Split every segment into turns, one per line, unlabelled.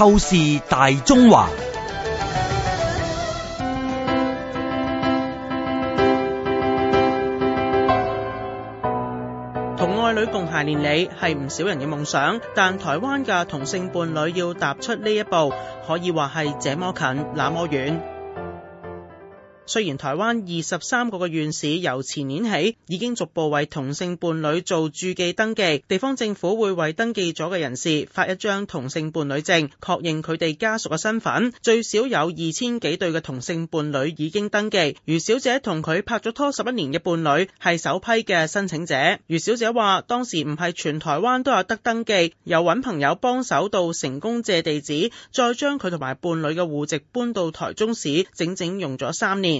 透視大中華，同愛侶共偕連理係唔少人嘅夢想，但台灣嘅同性伴侶要踏出呢一步，可以話係這麼近那麼遠。雖然台灣二十三個嘅縣市由前年起已經逐步為同性伴侶做注記登記，地方政府會為登記咗嘅人士發一張同性伴侶證，確認佢哋家屬嘅身份。最少有二千幾對嘅同性伴侶已經登記。余小姐同佢拍咗拖十一年嘅伴侶係首批嘅申請者。余小姐話當時唔係全台灣都有得登記，又揾朋友幫手到成功借地址，再將佢同埋伴侶嘅戶籍搬到台中市，整整用咗三年。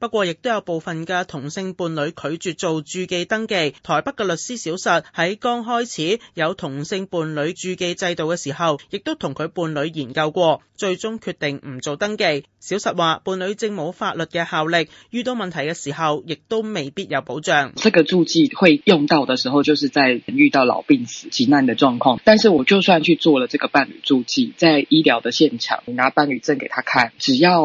不過，亦都有部分嘅同性伴侶拒絕做註記登記。台北嘅律師小實喺剛開始有同性伴侶註記制度嘅時候，亦都同佢伴侶研究過，最終決定唔做登記。小實話，伴侶證冇法律嘅效力，遇到問題嘅時候，亦都未必有保障。
這個註記會用到嘅時候，就是在遇到老病死急難的狀況。但是我就算去做了這個伴侶註記，在醫療的現場，你拿伴侶證給他看，只要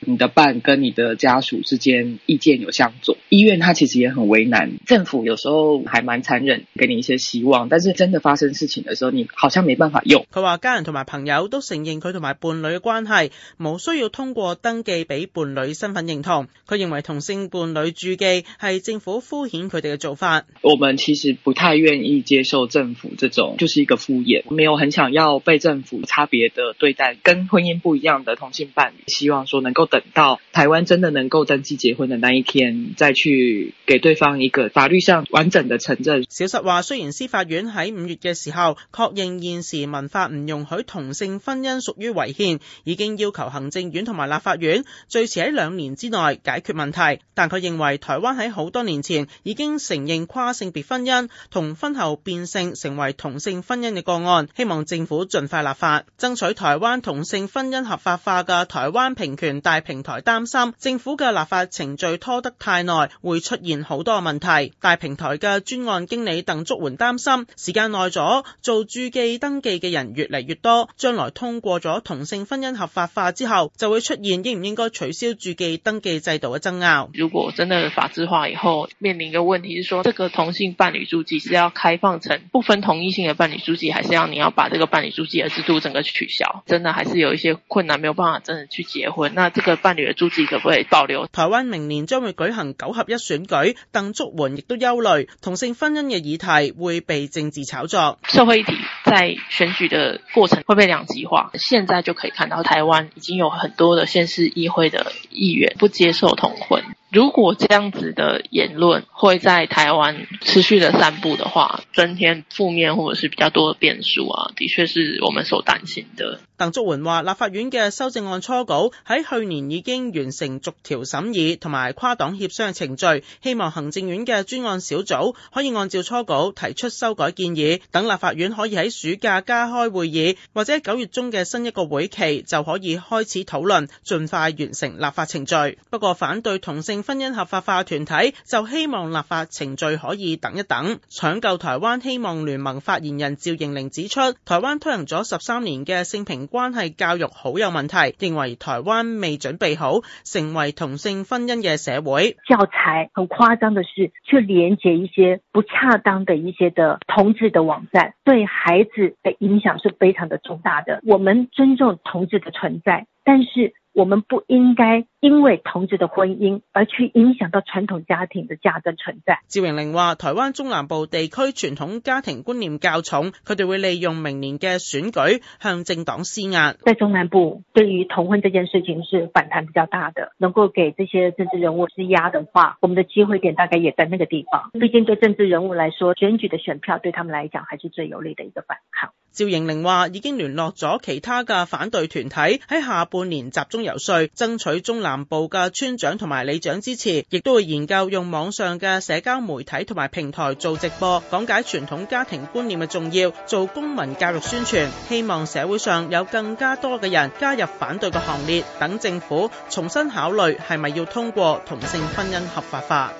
你的伴跟你的家屬，之間意見有相左，醫院他其實也很為難，政府有時候還蠻殘忍，給你一些希望，但是真的發生事情的時候，你好像沒辦法用。
佢話家人同埋朋友都承認佢同埋伴侶嘅關係，冇需要通過登記俾伴侶身份認同。佢認為同性伴侶注
記係政府敷衍佢哋嘅做法。我們其實不太願意接受政府這種就是一個敷衍，沒有很想要被政府差別的對待，跟婚姻不一樣的同性伴侶，希望說能夠等到台灣真的能夠登記。結婚的那一天，再去給對方一個法律上完整的承認。小實話，雖然司法院喺五
月嘅時候確認現時民法唔容許同性婚姻屬於違憲，已經要求行政院同埋立法院最遲喺兩年之內解決問題。但佢認為台灣喺好多年前已經承認跨性別婚姻同婚後變性成為同性婚姻嘅個案，希望政府盡快立法，爭取台灣同性婚姻合法化嘅台灣平權大平台擔心政府嘅立法。程序拖得太耐會出現好多問題，大平台嘅專案經理鄧竹媛擔心時間耐咗做註記登記嘅人越嚟越多，將來通過咗同性婚姻合法化之後，就會出現應唔應該取消註記登記制度嘅爭拗。如果真的法制化以後，面臨嘅問題是說，這個同性伴侶註記是要開放成不分同一性嘅伴侶註記，還是要你要把這個伴侶註記嘅制度整個取消？真的還是有一些困難，沒有辦法真的去結婚。那這個伴侶嘅註記可唔可以保留？台灣明年將會舉行九合一選舉，鄧竹桓亦都憂慮同性婚姻嘅議題會被政治炒作。社會議題在選舉的過程會被兩極化。現在就可以看到台灣已經有很多的縣市議會的議員不接受同婚。如果這樣子的言論，會在台灣持續的散步的話，增添負面或者是比較多的變數啊，的確是我們所擔心的。鄧卓文話，立法院嘅修正案初稿喺去年已經完成逐條審議同埋跨黨協商程序，希望行政院嘅專案小組可以按照初稿提出修改建議，等立法院可以喺暑假加開會議，或者九月中嘅新一個會期就可以開始討論，盡快完成立法程序。不過反對同性婚姻合法化團體就希望。立法程序可以等一等。搶救台灣希望聯盟發言人趙瑩玲指出，台灣推行咗十三年嘅性平關係教育好有問題，認為台灣未準備好成為同性婚姻嘅社會。教材很誇張的是，去連接一些不恰當的一些的同志的網站，對孩子的影響是非常的重大的。我們尊重同志的存在，但是。我們不應該因為同志的婚姻而去影響到傳統家庭的價值存在。趙榮玲話，台灣中南部地區傳統家庭觀念較重，佢哋會利用明年嘅選舉向政黨施壓。在中南部，對於同婚這件事情是反彈比較大的，能夠給這些政治人物施壓的話，我們的機會點大概也在那個地方。畢竟對政治人物來說，選舉的選票對他們來講還是最有利的一個反抗。趙瑩玲話：已經聯絡咗其他嘅反對團體喺下半年集中游說，爭取中南部嘅村長同埋里長支持，亦都會研究用網上嘅社交媒體同埋平台做直播，講解傳統家庭觀念嘅重要，做公民教育宣傳，希望社會上有更加多嘅人加入反對嘅行列，等政府重新考慮係咪要通過同性婚姻合法化。